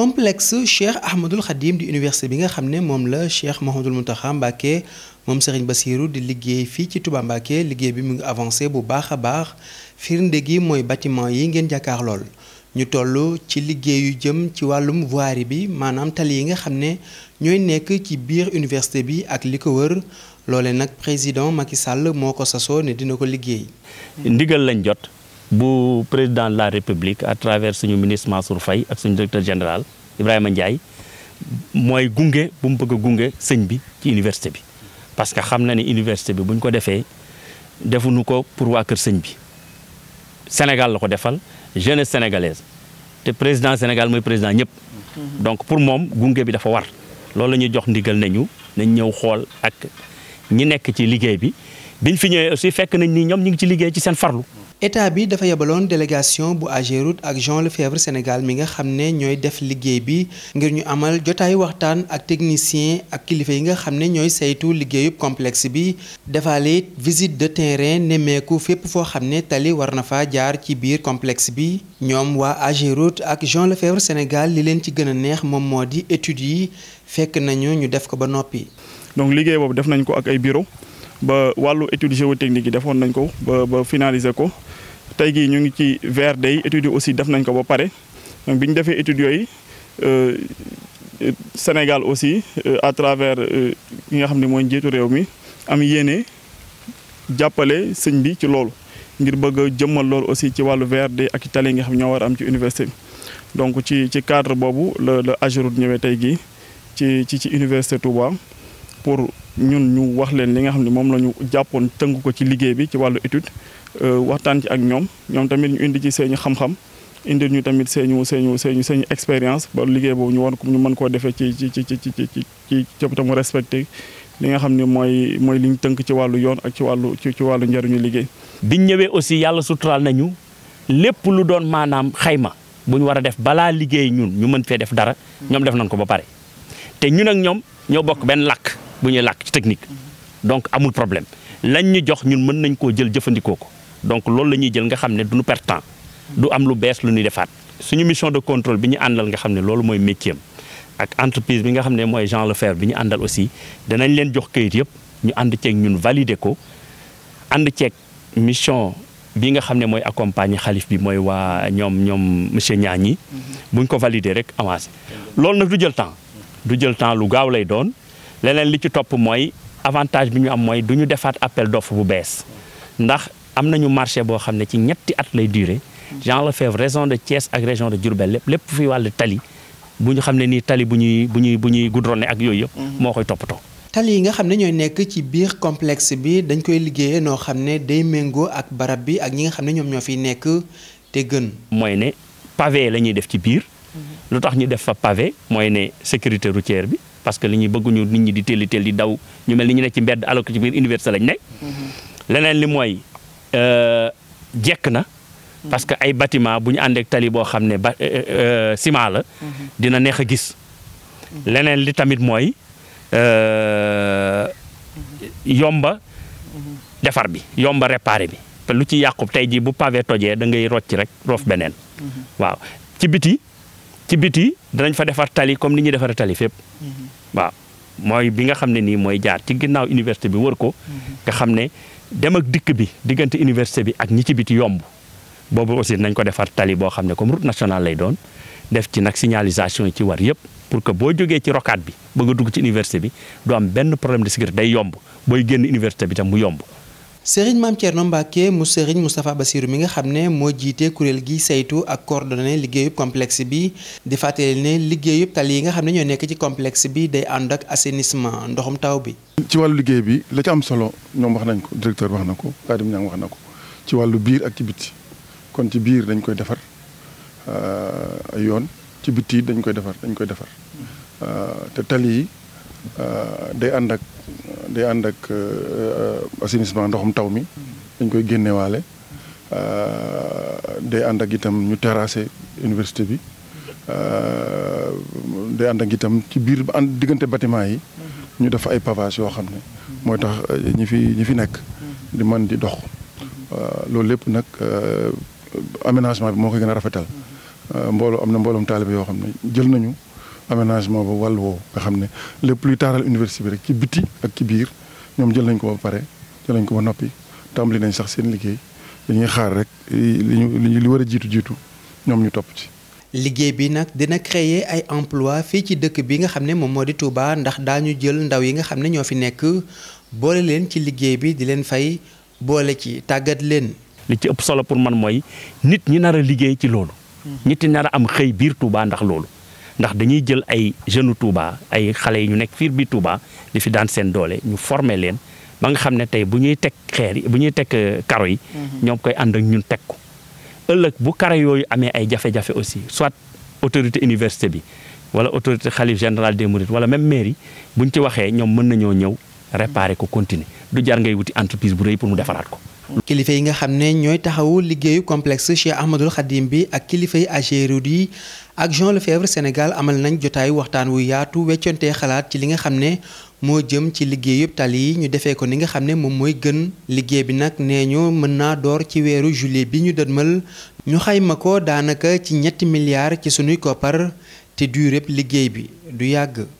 complexe Cheikh Ahmadul Khadim di université bi nga xam ne moom la Cheikh Mouhamadoul Mountakha Mbacké moom ba Bassirou di liggéey fii ci Touba Mbacké liggéey bi mu ngi avancé bu baax a baax firnde gi mooy bâtiment yi ngeen jàkkaar lool ñu toll ci liggéey yu jëm ci wàllum voirie bi maanaam tali yi nga xam ne ñooy nekk ci biir université bi ak li ko wër loole nag président Macky sàll moo ko sasoo ne dina ko liggéey. ndigal lañ jot. bu président de la république à travers suñu ministre Mansour Faye ak suñu directeur général Ibrahima Ndiaye mooy gunge bu mu bëgg a gunge sëñ bi ci université bi. parce que xam na ne université bi bu ñu ko defee defuñu ko pour waa kër sëñ bi Sénégal la ko defal jeunesse sénégalaise te président Sénégal mooy président ñëpp. Mhm. donc pour moom gunge bi dafa war. loolu la ñuy jox ndigal nañu nañ ñëw xool ak ñu nekk ci liggéey bi biñ fi ñëwee aussi fekk nañ ni ñoom ñu ngi ci liggéey ci seen farlu. état bi dafa yebaloon délégation bu Ageroute ak Jean Lefebvre Sénégal mi nga xam ne ñooy def liggéey bi ngir ñu amal jotaay waxtaan ak technicien ak kilifa yi nga xam ne ñooy saytu liggéeyub complexe bi defaale visite de terrain nemmeeku fépp foo xam ne tali war na fa jaar ci biir complexe bi ñoom waa Ageroute ak Jean Lefebvre Sénégal li leen ci gën a neex moom moo di études yi fekk nañu ñu def ko ba noppi. donc liggéey boobu def nañ ko ak ay bureau ba wàllu étude géotechnique yi defoon nañ ko ba ba ko. tey gii ñu ngi ci VRD yi études yi aussi def nañ ko ba pare bi ñu defee études yooyu euh, euh, Sénégal aussi euh, à travers ki nga xam ne mooy njiitu réew mi am yéene jàppale sëñ bi ci loolu ngir bëgg a jëmmal loolu aussi ci wàllu VRD ak i tali yi nga xam ñoo war a am ci université donc ci ci cadre boobu la la Ageroute ñëwee tey gii ci ci ci université Touba pour ñun ñu wax leen li nga xam ne moom la ñu jàppoon tëng ko ci liggéey bi ci wàllu étude waxtaan ci ak ñoom ñoom tamit ñu indi ci seen xam-xam indi ñu tamit seen seenu seen seen expérience ba liggéey boobu ñu war ko ñu mën koo defee ci ci ci ci ci ci ci coppatam respecté li nga xam ne mooy mooy liñ tënk ci wàllu yoon ak ci wàllu ci wàllu njariñu liggéey. biñ ñëwee aussi yàlla suturaal nañu lépp lu doon maanaam xayma bu ñu war a def balaa liggéey ñun ñu mën fee def dara ñoom def nañ ko ba pare te ñun ak ñoom ñoo bokk benn làkk bu ñuy làkk ci technique donc amul problème lañ ñu jox ñun mën nañ koo jël jëfandikoo ko. donc loolu la ñuy jël nga xam ne du ñu perte temps du am lu bees lu ñuy defaat suñu mission de contrôle bi ñu àndal nga xam ne loolu mooy métier am ak entreprise bi nga xam ne mooy Jean Lefer bi ñu àndal aussi danañ leen jox kayit yëpp ñu ànd ceeg ñun valider ko ànd ceeg mission bi nga xam ne mooy accompagner xalif bi mooy waa ñoom ñoom monsieur Niagni buñ ko valider rek avancé loolu nag du jël temps du jël temps lu gaaw lay doon leneen li ci topp mooy avantage bi ñu am mooy du ñu defaat appel d'offre bu bees ndax am nañu marché boo xam ne ci ñetti at lay durer Jean Lefebvre raison de Thiès ak région de Diourbel lépp lépp fi wàllu tali bu ñu xam ne nii tali bu ñuy bu ñuy bu ñuy goudronné ak yooyu yëpp mhm. moo koy toppatoo tali yi nga xam ne ñooy nekk ci biir complexe bi dañ koy liggéeye noo xam ne day méngoo ak barab bi ak ñi nga xam ne ñoom ñoo fiy nekk te gën mooy ne pavé la ñuy def ci biir mhm. lu tax ñu def fa pavé mooy ne sécurité routière bi parce que li ñuy bëgguñu nit ñi di telli telli di daw ñu mel ni ñu nekk ci mbedd alors ci biir université lañ nekk mhm. leneen li mooy Euh, jekk na parce que ay bâtiment bu ñu àndeek tali boo xam ne ba euh, euh, ciment la dina neex a gis leneen li tamit mooy yomba defar bi yomba réparé bi te lu ci yàqu tey jii bu pavé tojee da ngay rocc rek roof beneen waaw ci biti ci biti danañ fa defar tali comme ni ñuy defar tali fépp waaw mooy bi nga xam ne nii mooy jaar ci ginnaaw université bi wër ko nga xam ne dem ak dikk bi diggante université bi ak ñi ci biti yomb boobu aussi nañ ko defar tali boo xam ne comme route nationale lay doon def ci nag signalisation yi ci war yëpp pour que boo jógee ci rocade bi bëgg a dugg ci université bi du am benn problème de sécurité day yomb booy génn université bi tam mu yomb sëriñ maam Thierno Mbacke mu sëriñ Moustapha Bassirou mi nga xam ne moo jiite kuréel gi saytu ak coordonné liggéeyub complexe bi di fàttalee ne liggéeyub tali yi nga xam ne ñoo nekk ci complexe bi day ànd ak assainissement ndoxum taw bi. ci wàllu liggéey bi la ci am solo ñoom wax nañ ko directeur wax na ko Khadim Niang wax na ko ci wàllu biir ak ci bitti kon ci biir dañ koy defar euh, yoon ci bitti dañ koy defar dañ koy defar euh, te tali yi. Euh, day ànd ak day ànd ak euh, euh, assainissement ndoxum taw mi dañ koy génnewaale day ànd ak itam ñu terrasser université bi day ànd ak itam ci biir ànd diggante bâtiment yi ñu def ay pavage yoo xam ne mooy tax ñi fi ñi fi nekk di mën di dox loolu lépp nag aménagement bi moo koy gën a rafetal mbooloo am na mbooloom taalibe yoo xam ne jël nañu aménagement ba wàll woo nga xam ne lépp luy taaral université bi rek ci biti ak ci biir ñoom jël nañ ko ba pare jël nañ ko ba noppi li nañ sax seen liggéey dañuy xaar rek li li war a jiitu jiitu ñoom ñu topp ci. liggéey bi nag dina créer ay emploi fii ci dëkk bi nga xam ne moom moo di Touba ndax daañu jël ndaw yi nga xam ne ñoo fi nekk boole leen ci liggéey bi di leen fay boole ci tàggat leen. li ci ëpp solo pour man mooy nit ñi nar a liggéey ci loolu. Hmm. nit nar a am xëy biir Touba ndax loolu. ndax dañuy jël ay jeunes Touba ay xale yi ñu nekk fiir bi Touba di fi daan seen doole ñu former leen ba nga xam ne tey bu ñuy teg xeer yi bu ñuy teg euh, karo yi. Mhm. ñoom koy ànd ak ñun teg ko. ëllëg bu karo yooyu amee ay jafe-jafe aussi soit autorité université bi wala autorité xalif général des Mourides wala même mairie buñ ci waxee ñoom mën nañoo ñëw réparer ko continuer du jar ngay wuti entreprise bu rëy pour mu defaraat ko. kilifa yi nga xam ne ñooy taxawu liggéeyu complexe ak Jean Lefebvre Sénégal amal nañ jotaayu waxtaan wu yaatu weccontee xalaat ci li nga xam ne moo jëm ci liggéey yëpp tali yi ñu defee ko ni nga xam ne moom mooy gën liggéey bi nag nee ñu mën naa door ci weeru juillet bi ñu dëdmal ñu xayma ko daanaka ci ñetti milliards ci sunuy koppar te du répp liggéey bi du yàgg